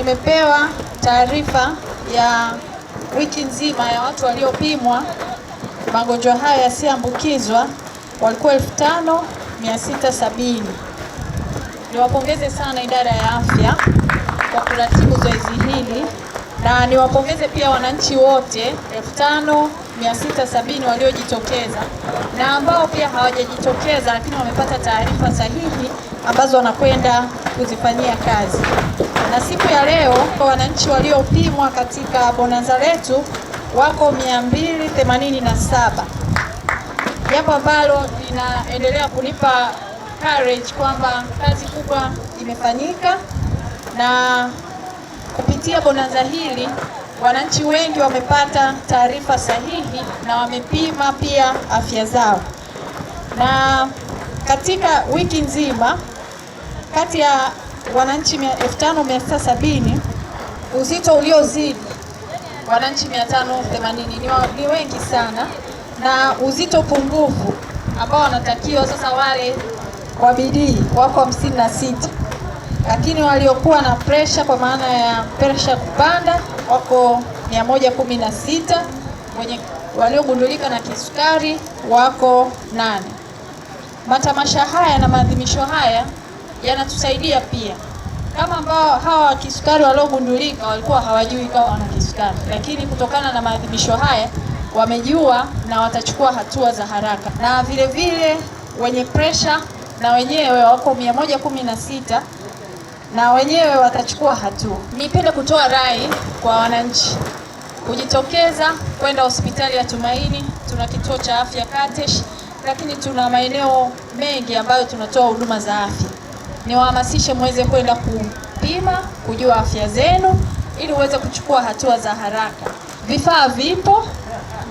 nimepewa taarifa ya wiki nzima ya watu waliopimwa magonjwa hayo yasiyoambukizwa walikuwa sabini. Niwapongeze sana idara ya afya kwa kuratibu zoezi hili na niwapongeze pia wananchi wote sabini waliojitokeza na ambao pia hawajajitokeza, lakini wamepata taarifa sahihi ambazo wanakwenda kuzifanyia kazi na siku ya leo kwa wananchi waliopimwa katika bonanza letu wako 287, jambo ambalo linaendelea kunipa courage kwamba kazi kubwa imefanyika na kupitia bonanza hili wananchi wengi wamepata taarifa sahihi na wamepima pia afya zao. Na katika wiki nzima kati ya wananchi 5970 uzito uliozidi wananchi 580 ni wengi sana, na uzito pungufu ambao wanatakiwa sasa wale kwa bidii wako 56, lakini waliokuwa na presha kwa maana ya presha kupanda wako 116, wenye waliogundulika na kisukari wako 8. Matamasha haya na maadhimisho haya yanatusaidia pia, kama ambao hawa kisukari waliogundulika walikuwa hawajui kama wana kisukari, lakini kutokana na maadhimisho haya wamejua na watachukua hatua za haraka. Na vile vile wenye presha na wenyewe wako mia moja kumi na sita na wenyewe watachukua hatua. Nipende kutoa rai kwa wananchi kujitokeza kwenda hospitali ya Tumaini. Tuna kituo cha afya Katesh, lakini tuna maeneo mengi ambayo tunatoa huduma za afya niwahamasishe mweze kwenda kupima, kujua afya zenu ili uweze kuchukua hatua za haraka. Vifaa vipo,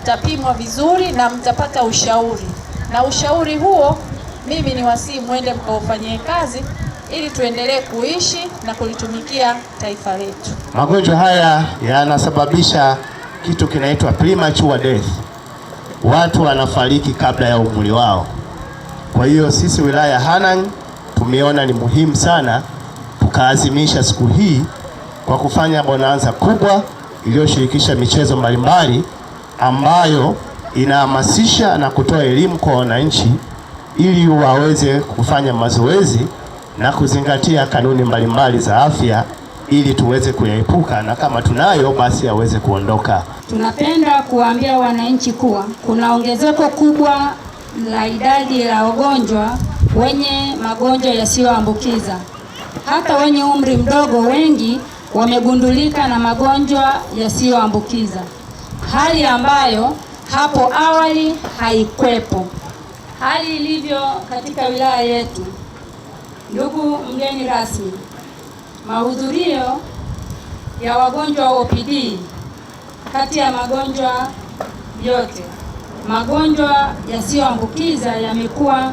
mtapimwa vizuri na mtapata ushauri, na ushauri huo mimi ni wasii mwende mkaufanyie kazi ili tuendelee kuishi na kulitumikia taifa letu. Magonjwa haya yanasababisha kitu kinaitwa premature death, watu wanafariki kabla ya umri wao. Kwa hiyo sisi wilaya Hanang' tumeona ni muhimu sana tukaazimisha siku hii kwa kufanya bonanza kubwa iliyoshirikisha michezo mbalimbali ambayo inahamasisha na kutoa elimu kwa wananchi ili waweze kufanya mazoezi na kuzingatia kanuni mbalimbali za afya ili tuweze kuyaepuka na kama tunayo basi yaweze kuondoka. Tunapenda kuwaambia wananchi kuwa kuna ongezeko kubwa la idadi la wagonjwa wenye magonjwa yasiyoambukiza. Hata wenye umri mdogo wengi wamegundulika na magonjwa yasiyoambukiza, hali ambayo hapo awali haikwepo. Hali ilivyo katika wilaya yetu, ndugu mgeni rasmi, mahudhurio ya wagonjwa wa OPD kati ya magonjwa yote magonjwa yasiyoambukiza yamekuwa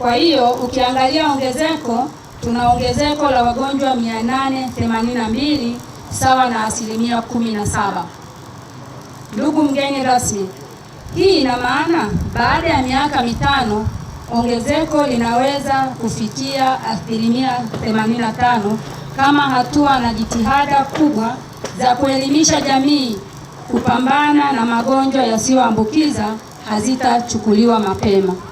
Kwa hiyo ukiangalia ongezeko, tuna ongezeko la wagonjwa 882 sawa na asilimia 17. Ndugu mgeni rasmi, hii ina maana baada ya miaka mitano ongezeko linaweza kufikia asilimia 85 kama hatua na jitihada kubwa za kuelimisha jamii kupambana na magonjwa yasiyoambukiza hazitachukuliwa mapema.